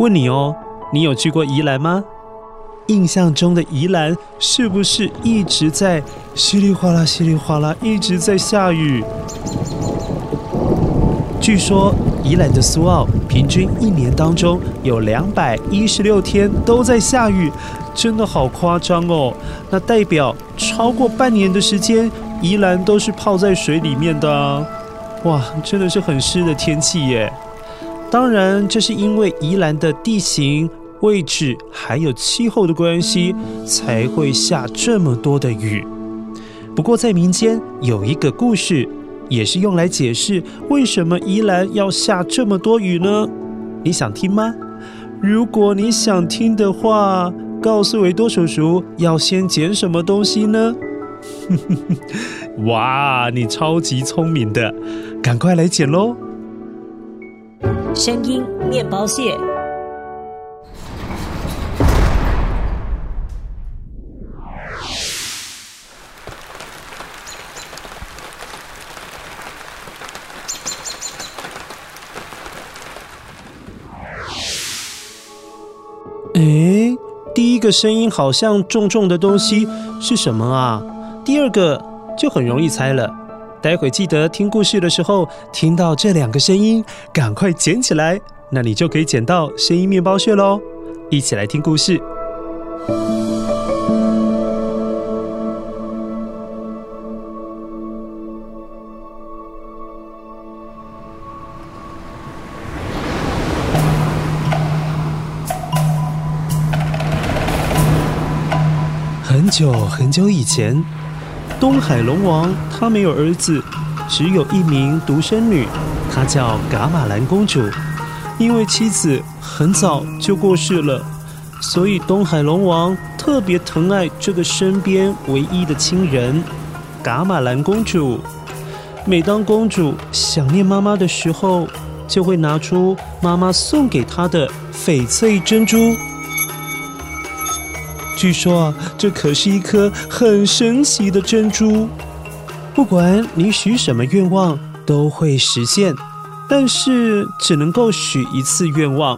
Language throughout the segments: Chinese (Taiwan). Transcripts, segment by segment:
問你哦，你有去過宜蘭嗎？印象中的宜蘭是不是一直在稀里嘩啦、稀里嘩啦一直在下雨？據說宜蘭的蘇澳平均一年當中有兩百一十六天都在下雨，真的好誇張哦！那代表超過半年的時間，宜蘭都是泡在水裡面的啊！哇，真的是很濕的天氣耶。當然，這是因為宜蘭的地形、位置還有氣候的關係，才會下這麼多的雨。不過，在民間有一個故事，也是用來解釋為什麼宜蘭要下這麼多雨呢？你想聽嗎？如果你想聽的話，告訴維多叔叔要先撿什麼東西呢？ 哇，你超級聰明的，趕快來撿嘍！聲音，麵包屑。哎，第一個聲音好像重重的東西是什麼啊？第二個就很容易猜了。待會記得聽故事的時候，聽到這兩個聲音，趕快撿起來，那你就可以撿到聲音麵包屑嘍！一起來聽故事。很久很久以前。東海龍王他沒有兒子，只有一名獨生女，她叫噶瑪蘭公主。因為妻子很早就過世了，所以東海龍王特別疼愛這個身邊唯一的親人——噶瑪蘭公主。每當公主想念媽媽的時候，就會拿出媽媽送給她的翡翠珍珠。據說啊，這可是一顆很神奇的珍珠，不管你許什麼願望都會實現，但是只能夠許一次願望。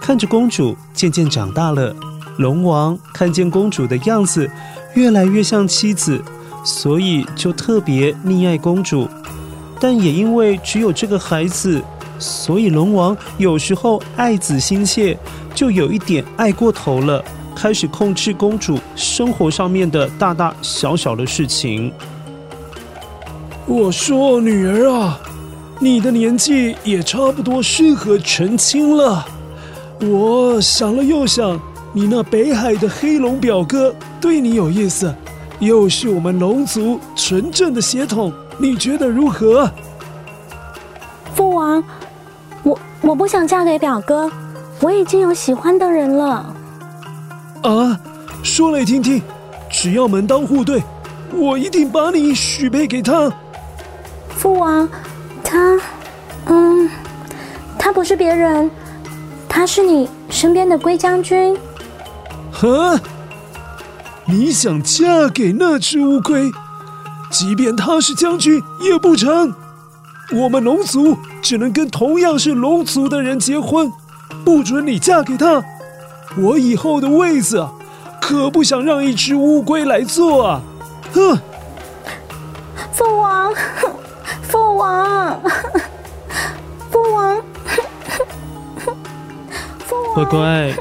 看着公主漸漸長大了，龍王看見公主的樣子越來越像妻子，所以就特別溺愛公主。但也因為只有這個孩子，所以龍王有時候愛子心切，就有一點愛過頭了。開始控制公主生活上面的大大小小的事情。我說：“女兒啊，你的年紀也差不多適合成親了。我想了又想，你那北海的黑龍表哥對你有意思，又是我們龍族純正的血統，你覺得如何？”父王，我，我不想嫁給表哥，我已經有喜歡的人了。啊，說來聽聽。只要門當戶對，我一定把你許配給他。父王，他，嗯，他不是別人，他是你身邊的龜將軍。哼、啊！你想嫁給那只烏龜？即便他是將軍也不成。我們龍族只能跟同樣是龍族的人結婚，不准你嫁給他。我以後的位子，可不想讓一隻烏龜來坐啊！哼，父王，父王，父王，父王。乖乖，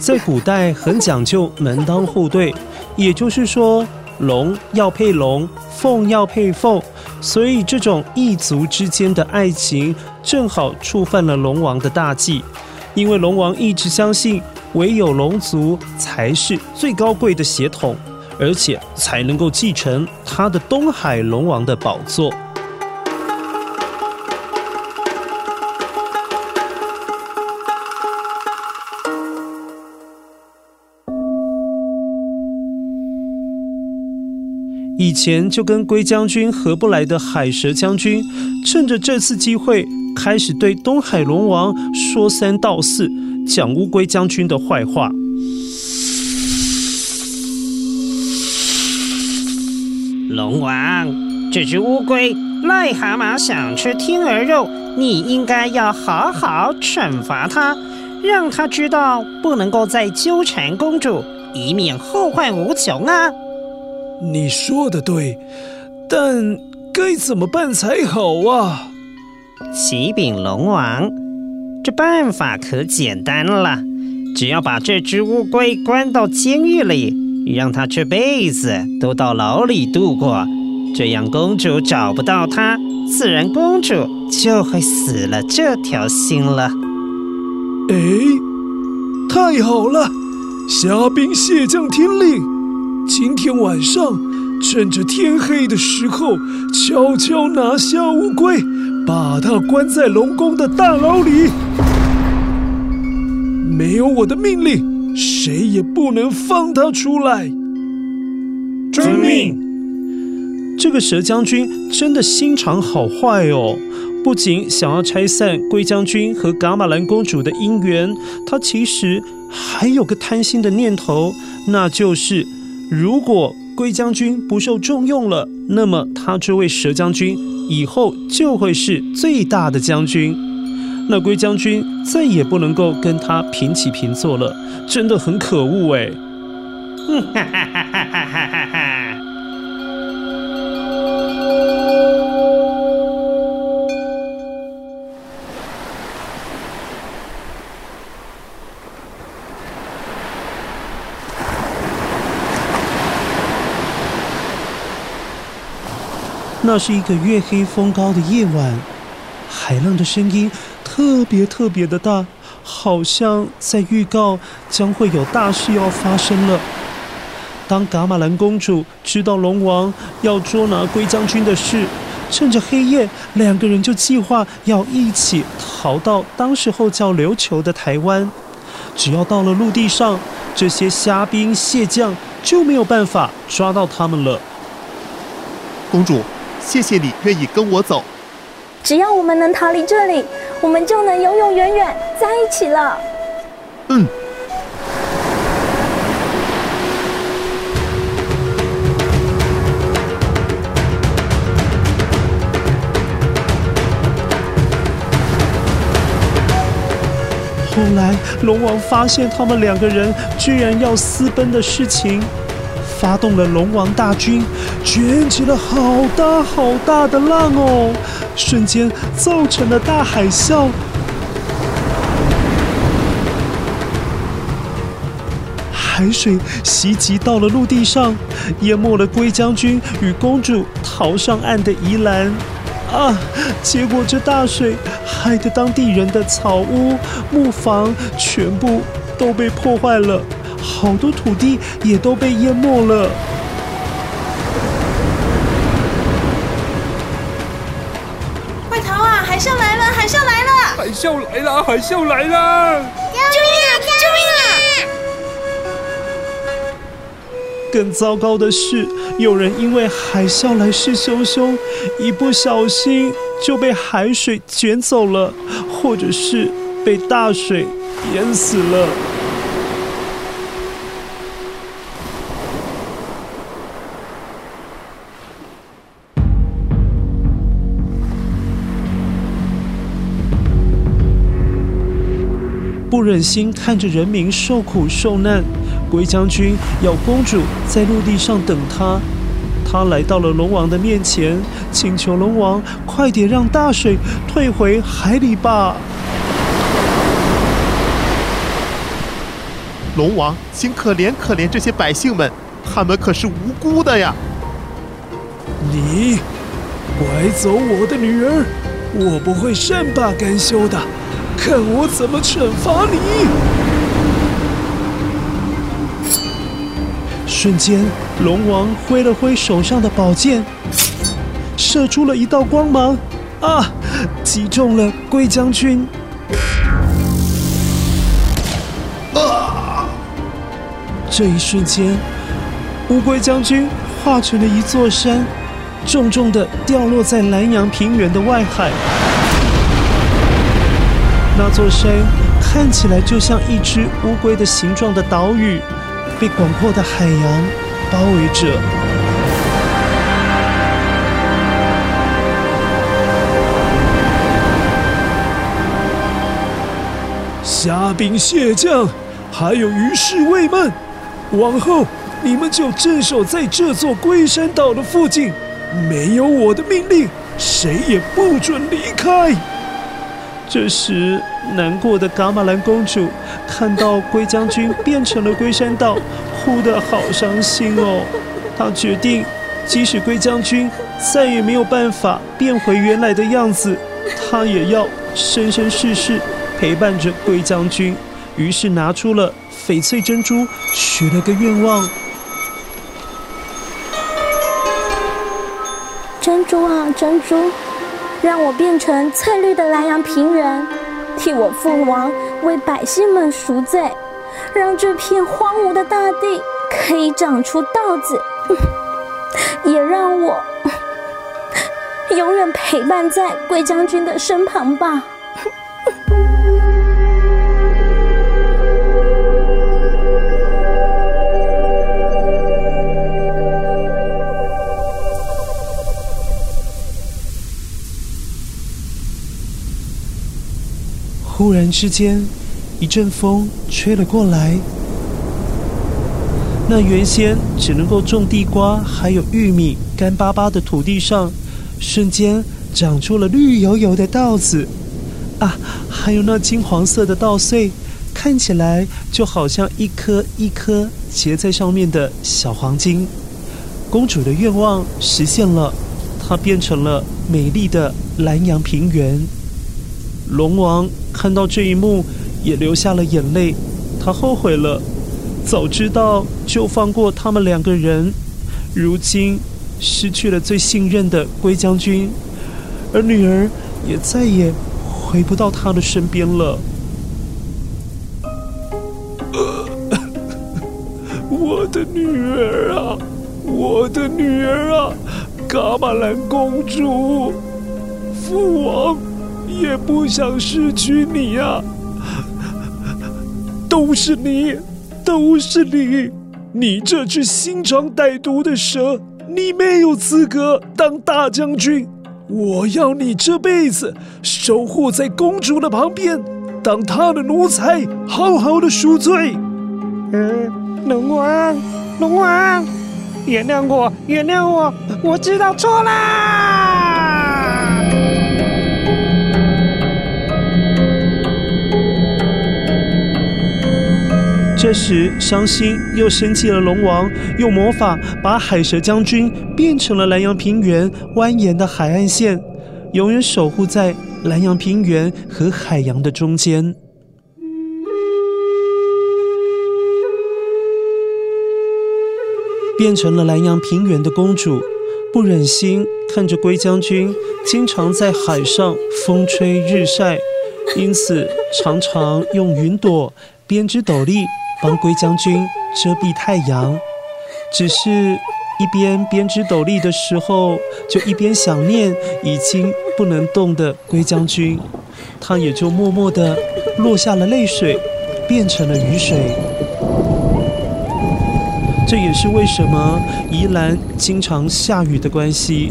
在古代很講究門當戶對，也就是說，龍要配龍，鳳要配鳳，所以這種異族之間的愛情正好觸犯了龍王的大忌，因為龍王一直相信，唯有龍族才是最高貴的血統，而且才能夠繼承他的東海龍王的寶座。以前就跟龜將軍合不來的海蛇將軍，趁着這次機會開始對東海龍王說三道四。講烏龜將軍的壞話。龍王，這只烏龜、癩蛤蟆想吃天鵝肉，你應該要好好懲罰它，讓它知道不能夠再糾纏公主，以免後患無窮啊！你說的對，但該怎麼辦才好啊？啟稟龍王。這辦法可簡單了，只要把這隻烏龜關到監獄裡，讓它這輩子都到牢裡度過，這樣公主找不到它，自然公主就會死了這條心了。哎，誒，太好了！蝦兵蟹將聽令，今天晚上趁着天黑的時候，悄悄拿下烏龜。把他關在龍宮的大牢裡，沒有我的命令，誰也不能放他出來。遵命。這個蛇將軍真的心腸好壞哦，不僅想要拆散龜將軍和噶瑪蘭公主的姻緣，他其實還有個貪心的念頭，那就是如果龜將軍不受重用了，那麼他這位蛇將軍。以後就會是最大的將軍，那龜將軍再也不能夠跟他平起平坐了，真的很可惡哎。嗯 那是一個月黑風高的夜晚，海浪的聲音特別特別的大，好像在預告將會有大事要發生了。當噶瑪蘭公主知道龍王要捉拿龜將軍的事，趁着黑夜，兩個人就計劃要一起逃到當時候叫琉球的台灣。只要到了陸地上，這些蝦兵蟹將就沒有辦法抓到他們了。公主。謝謝你願意跟我走。只要我們能逃離這裡，我們就能永永遠遠在一起了。嗯。後來，龍王發現他們兩個人居然要私奔的事情。發動了龍王大軍，捲起了好大好大的浪哦，瞬間造成了大海嘯，海水襲擊到了陸地上，淹沒了龜將軍與公主逃上岸的宜蘭。啊！結果這大水害得當地人的草屋、木房全部都被破壞了。好多土地也都被淹沒了，快逃啊！海嘯來了，海嘯來了，海嘯來了，海嘯來了！救命啊！救命啊！更糟糕的是，有人因為海嘯來勢洶洶，一不小心就被海水捲走了，或者是被大水淹死了。忍心看着人民受苦受難，龜將軍要公主在陸地上等他。他來到了龍王的面前，請求龍王快點讓大水退回海裡吧。龍王，請可憐可憐這些百姓們，他們可是無辜的呀！你拐走我的女兒，我不會善罷甘休的。看我怎麼懲罰你！瞬間，龍王揮了揮手上的寶劍，射出了一道光芒，啊，擊中了龜將軍。啊！這一瞬間，烏龜將軍化成了一座山，重重的掉落在蘭陽平原的外海。那座山看起來就像一隻烏龜的形狀的島嶼，被廣闊的海洋包圍着。蝦兵蟹將，還有魚侍衛們，往後你們就鎮守在這座龜山島的附近，沒有我的命令，誰也不准離開。這時，難過的噶瑪蘭公主看到龜將軍變成了龜山島，哭得好傷心哦。她決定，即使龜將軍再也沒有辦法變回原來的樣子，她也要生生世世陪伴着龜將軍。於是拿出了翡翠珍珠，許了個願望。珍珠啊，珍珠！讓我變成翠綠的蘭陽平原，替我父王為百姓們贖罪，讓這片荒蕪的大地可以長出稻子，也讓我永遠陪伴在龜將軍的身旁吧。忽然之間，一陣風吹了過來。那原先只能夠種地瓜還有玉米乾巴巴的土地上，瞬間長出了綠油油的稻子啊！還有那金黃色的稻穗，看起來就好像一顆一顆結在上面的小黃金。公主的願望實現了，她變成了美麗的蘭陽平原。龍王。看到這一幕，也流下了眼淚，他後悔了，早知道就放過他們兩個人。如今失去了最信任的龜將軍，而女兒也再也回不到他的身邊了。我的女兒啊，我的女兒啊，噶瑪蘭公主，父王，也不想失去你呀！啊，都是你，都是你，你這隻心腸歹毒的蛇，你沒有資格當大將軍。我要你這輩子守護在公主的旁邊，當她的奴才，好好的贖罪。嗯，龍王，龍王，原諒我，原諒我，我知道錯啦。這時，傷心又生氣的龍王用魔法把海蛇將軍變成了蘭陽平原蜿蜒的海岸線，永遠守護在蘭陽平原和海洋的中間。變成了蘭陽平原的公主，不忍心看着龜將軍經常在海上風吹日曬，因此常常用雲朵編織斗笠。幫龜將軍遮蔽太陽，只是一邊編織斗笠的時候，就一邊想念已經不能動的龜將軍，他也就默默地落下了淚水，變成了雨水。這也是為什麼宜蘭經常下雨的關係。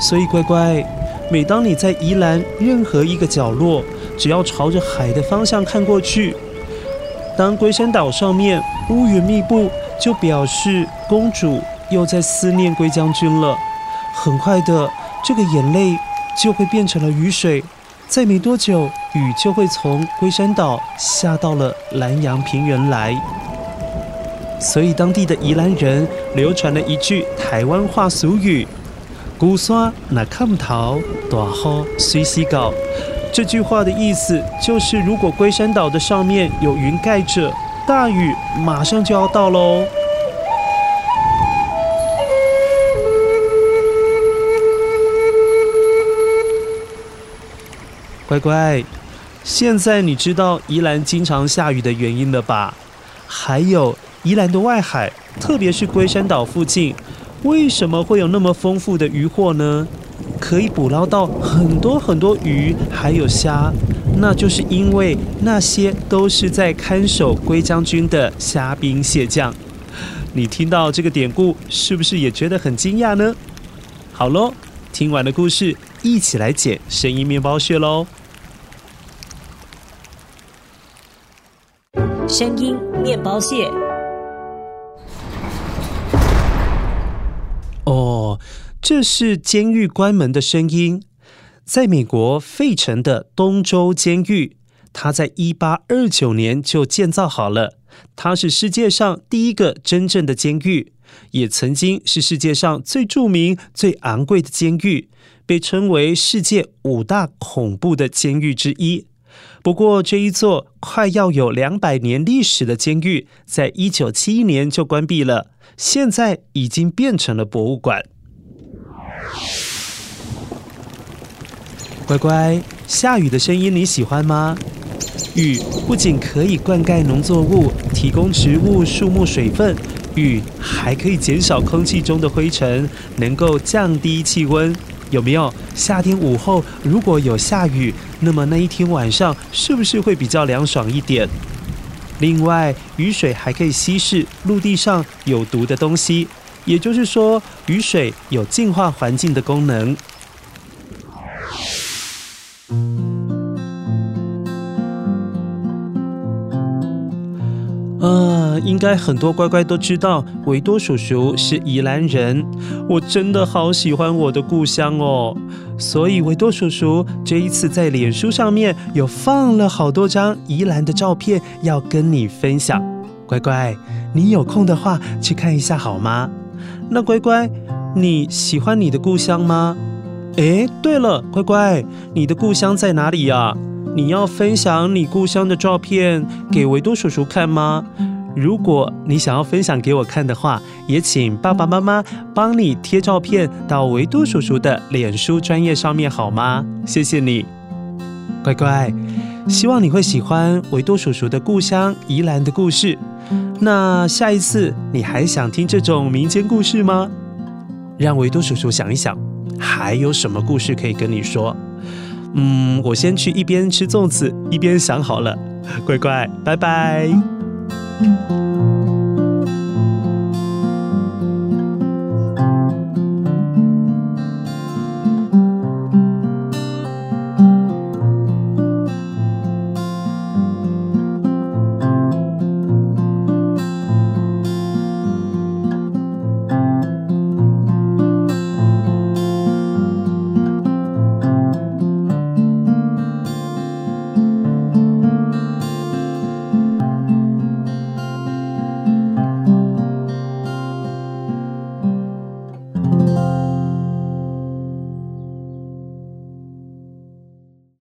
所以乖乖，每當你在宜蘭任何一個角落，只要朝着海的方向看過去。當龜山島上面烏雲密布，就表示公主又在思念龜將軍了。很快的，這個眼淚就會變成了雨水，再沒多久，雨就會從龜山島下到了蘭陽平原來。所以，當地的宜蘭人流傳了一句台灣話俗語：“龜山若戴帽，大雨隨時到。”這句話的意思就是，如果龜山島的上面有雲蓋着，大雨馬上就要到嘍。乖乖，現在你知道宜蘭經常下雨的原因了吧？還有，宜蘭的外海，特別是龜山島附近，為什麼會有那麼豐富的漁獲呢？可以捕撈到很多很多魚，還有蝦，那就是因為那些都是在看守龜將軍的蝦兵蟹將。你聽到這個典故，是不是也覺得很驚訝呢？好咯，聽完的故事，一起來撿聲音麵包屑嘍！聲音麵包屑。這是監獄關門的聲音，在美國費城的東州監獄，它在一八二九年就建造好了。它是世界上第一個真正的監獄，也曾經是世界上最著名、最昂貴的監獄，被稱為世界五大恐怖的監獄之一。不過，這一座快要有兩百年歷史的監獄，在一九七一年就關閉了，現在已經變成了博物館。乖乖，下雨的聲音你喜歡嗎？雨不僅可以灌溉農作物，提供植物、樹木水分，雨還可以減少空氣中的灰塵，能夠降低氣溫。有沒有？夏天午後如果有下雨，那麼那一天晚上是不是會比較涼爽一點？另外，雨水還可以稀釋陸地上有毒的東西。也就是說，雨水有淨化環境的功能。啊，uh，應該很多乖乖都知道維多叔叔是宜蘭人，我真的好喜歡我的故鄉哦。所以維多叔叔這一次在臉書上面有放了好多張宜蘭的照片要跟你分享，乖乖，你有空的話去看一下好嗎？那乖乖，你喜歡你的故鄉嗎？哎，對了，乖乖，你的故鄉在哪裡呀？你要分享你故鄉的照片給維多叔叔看嗎？如果你想要分享給我看的話，也請爸爸媽媽幫你貼照片到維多叔叔的臉書專頁上面好嗎？謝謝你，乖乖。希望你會喜歡維多叔叔的故鄉宜蘭的故事。那下一次你還想聽這種民間故事嗎？讓維多叔叔想一想，還有什麼故事可以跟你說。嗯，我先去一邊吃粽子，一邊想好了。乖乖，拜拜。嗯